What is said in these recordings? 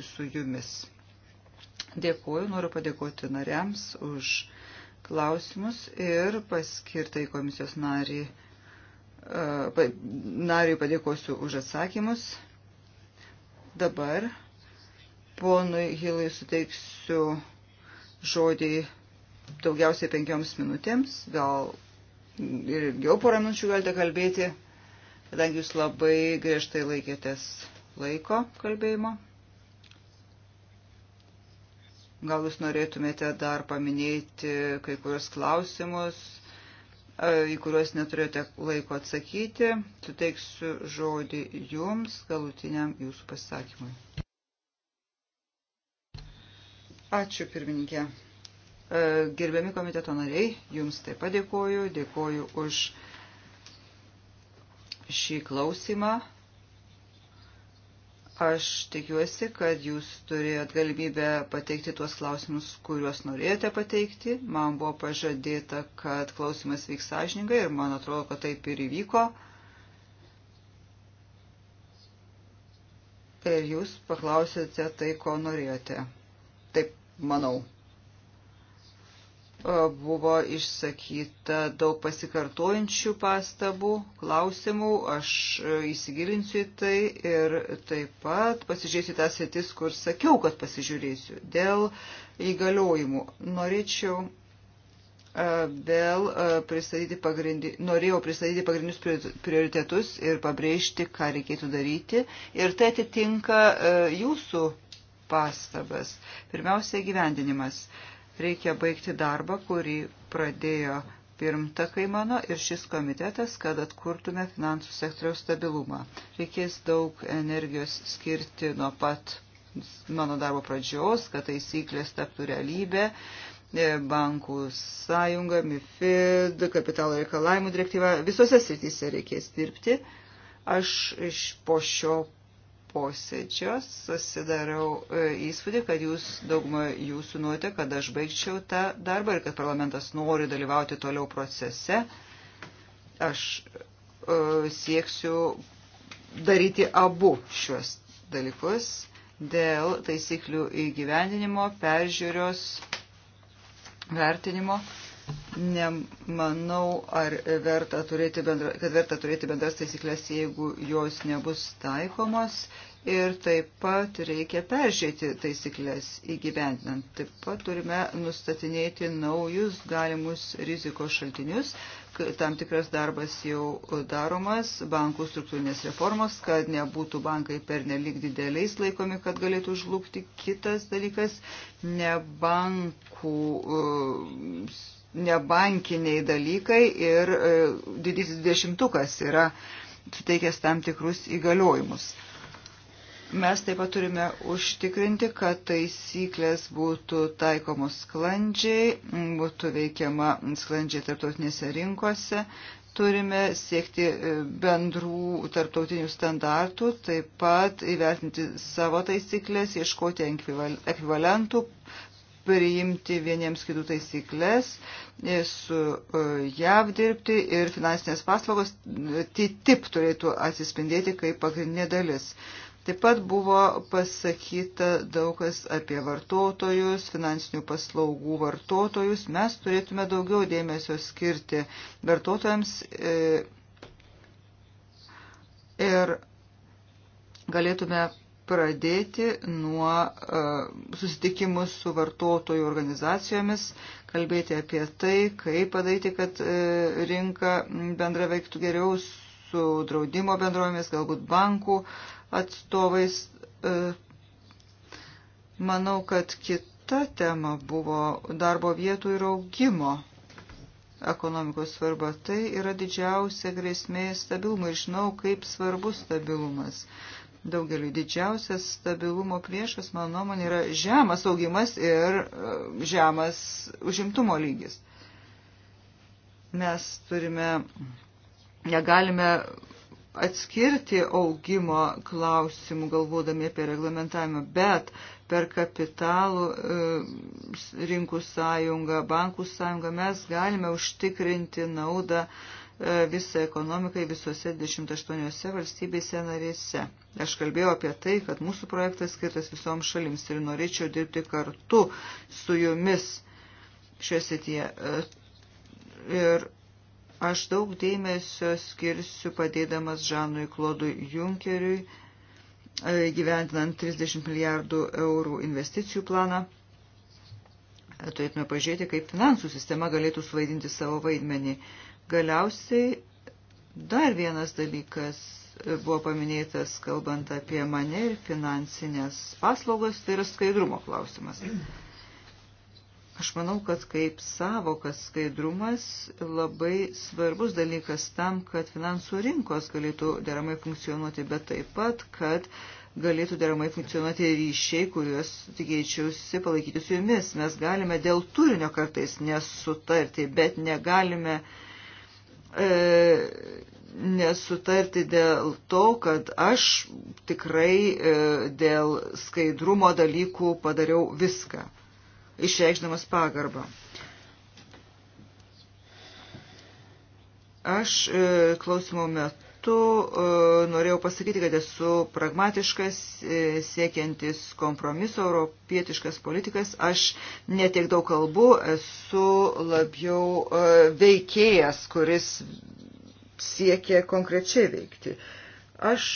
su jumis. Dėkuoju, noriu padėkoti nariams už klausimus ir paskirtai komisijos narį, e, nariui padėkosiu už atsakymus. Dabar ponui Hilai suteiksiu žodį daugiausiai penkioms minutėms, gal ir ilgiau porą minučių galite kalbėti, kadangi jūs labai griežtai laikėtės laiko kalbėjimo. Gal jūs norėtumėte dar paminėti kai kurios klausimus, e, į kuriuos neturėjote laiko atsakyti. Suteiksiu žodį jums galutiniam jūsų pasakymui. Ačiū pirmininkė. E, gerbiami komiteto nariai, jums taip pat dėkoju. Dėkoju už šį klausimą. Aš tikiuosi, kad jūs turėjot galimybę pateikti tuos klausimus, kuriuos norėjote pateikti. Man buvo pažadėta, kad klausimas vyks sąžiningai ir man atrodo, kad taip ir įvyko. Ir jūs paklausėte tai, ko norėjote. Taip, manau. E, buvo išsakyta daug pasikartojančių pastabų, klausimų, aš e, įsigilinsiu į tai ir taip pat pasižiūrėsiu tą sėtis, kur sakiau, kad pasižiūrėsiu. Dėl įgaliojimų norėčiau e, vėl pristatyti pagrindi, norėjau pristatyti pagrindinius prioritetus ir pabrėžti, ką reikėtų daryti. Ir tai atitinka jūsų pastabas. Pirmiausia, gyvendinimas. Reikia baigti darbą, kurį pradėjo pirmtakai mano ir šis komitetas, kad atkurtume finansų sektoriaus stabilumą. Reikės daug energijos skirti nuo pat mano darbo pradžios, kad taisyklės taptų realybė, e, bankų sąjunga, MIFID, kapitalo reikalavimų direktyva, visose srityse reikės dirbti. Aš iš po šio posėdžio susidarau e, įspūdį, kad jūs daugumą jūsų nuotė, kad aš baigčiau tą darbą ir kad parlamentas nori dalyvauti toliau procese. Aš e, sieksiu daryti abu šiuos dalykus dėl taisyklių įgyvendinimo, peržiūrios, vertinimo. Nemanau, ar verta turėti bendra, kad verta turėti bendras taisyklės, jeigu jos nebus taikomos. Ir taip pat reikia peržiūrėti taisyklės įgyvendinant. Taip pat turime nustatinėti naujus galimus rizikos šaltinius. Tam tikras darbas jau daromas, bankų struktūrinės reformos, kad nebūtų bankai pernelik dideliais laikomi, kad galėtų žlugti. Kitas dalykas, ne bankų. Uh, nebankiniai dalykai ir e, didysis dvidešimtukas yra suteikęs tam tikrus įgaliojimus. Mes taip pat turime užtikrinti, kad taisyklės būtų taikomos sklandžiai, būtų veikiama sklandžiai tarptautinėse rinkose, turime siekti e, bendrų tarptautinių standartų, taip pat įvertinti savo taisyklės, ieškoti ekvivalentų, priimti vieniems kitų taisyklės, e, su e, JAV dirbti ir finansinės paslaugos e, TTIP tai turėtų atsispindėti kaip pagrindinė dalis. Taip pat buvo pasakyta daugas apie vartotojus, finansinių paslaugų vartotojus. Mes turėtume daugiau dėmesio skirti vartotojams ir galėtume pradėti nuo e, susitikimų su vartotojų organizacijomis, kalbėti apie tai, kaip padaryti, kad e, rinka bendra veiktų geriau su draudimo bendrovėmis, galbūt bankų atstovais. E, manau, kad kita tema buvo darbo vietų ir augimo ekonomikos svarba. Tai yra didžiausia grėsmė stabilumui. Žinau, kaip svarbus stabilumas daugeliu. Didžiausias stabilumo priešas, mano nuomonė, yra žemas augimas ir e, žemas užimtumo lygis. Mes turime, negalime atskirti augimo klausimų, galvodami apie reglamentavimą, bet per kapitalų e, rinkų sąjungą, bankų sąjungą mes galime užtikrinti naudą uh, visą ekonomiką visose 28 valstybėse narėse. Aš kalbėjau apie tai, kad mūsų projektas skirtas visoms šalims ir norėčiau dirbti kartu su jumis šioje srityje. Ir aš daug dėmesio skirsiu padėdamas Žanui Klodui Junkeriui e, gyventinant 30 milijardų eurų investicijų planą. E, turėtume pažiūrėti, kaip finansų sistema galėtų suvaidinti savo vaidmenį. Galiausiai dar vienas dalykas buvo paminėtas, kalbant apie mane ir finansinės paslaugos, tai yra skaidrumo klausimas. Aš manau, kad kaip savokas skaidrumas labai svarbus dalykas tam, kad finansų rinkos galėtų deramai funkcionuoti, bet taip pat, kad galėtų deramai funkcionuoti ryšiai, kuriuos tikėčiausi palaikyti su jumis. Mes galime dėl turinio kartais nesutarti, bet negalime uh, e, nesutarti dėl to, kad aš tikrai e, dėl skaidrumo dalykų padariau viską, išreikšdamas pagarbą. Aš e, klausimo metu metu e, norėjau pasakyti, kad esu pragmatiškas, e, siekiantis kompromiso, europietiškas politikas. Aš netiek daug kalbu, esu labiau e, veikėjas, kuris siekia konkrečiai veikti. Aš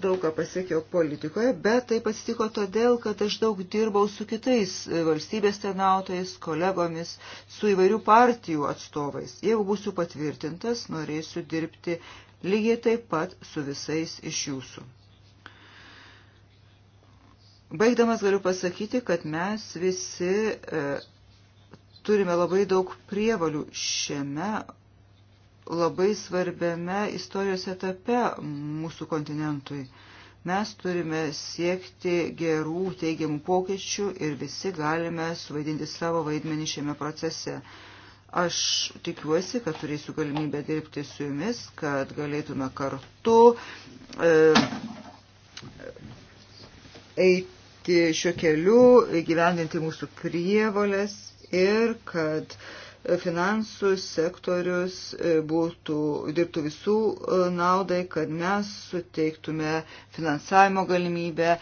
daugą pasiekiau politikoje, bet taip atsitiko todėl, kad aš daug dirbau su kitais e, valstybės tenautojais, kolegomis, su įvairių partijų atstovais. Jeigu būsiu patvirtintas, norėsiu dirbti lygiai taip pat su visais iš jūsų. Baigdamas galiu pasakyti, kad mes visi e, turime labai daug prievalių šiame labai svarbiame istorijos etape mūsų kontinentui. Mes turime siekti gerų teigiamų pokyčių ir visi galime suvaidinti savo vaidmenį šiame procese. Aš tikiuosi, kad turėsiu galimybę dirbti su jumis, kad galėtume kartu e, eiti šiuo keliu, gyvendinti mūsų prievolės ir kad e, finansų sektorius e, būtų, dirbtų visų e, naudai, kad mes suteiktume finansavimo galimybę,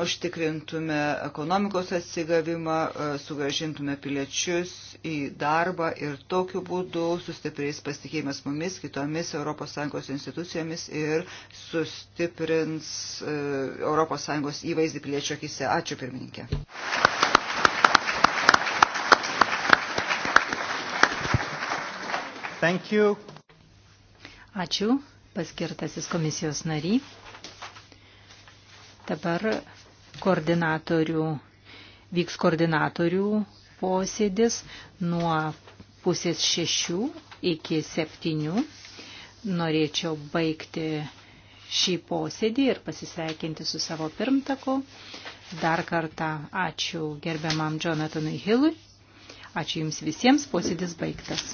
užtikrintume ekonomikos atsigavimą, e, sugražintume piliečius į darbą ir tokiu būdu sustiprės pasitikėjimas mumis, kitomis ES institucijomis ir sustiprins ES įvaizdį piliečio akise. Ačiū pirmininkė. Thank you. Ačiū, paskirtasis komisijos nary. Dabar koordinatorių, vyks koordinatorių posėdis nuo pusės šešių iki septynių. Norėčiau baigti šį posėdį ir pasisveikinti su savo pirmtaku. Dar kartą ačiū gerbiamam Jonathanui Hillui. Ačiū Jums visiems, posėdis baigtas.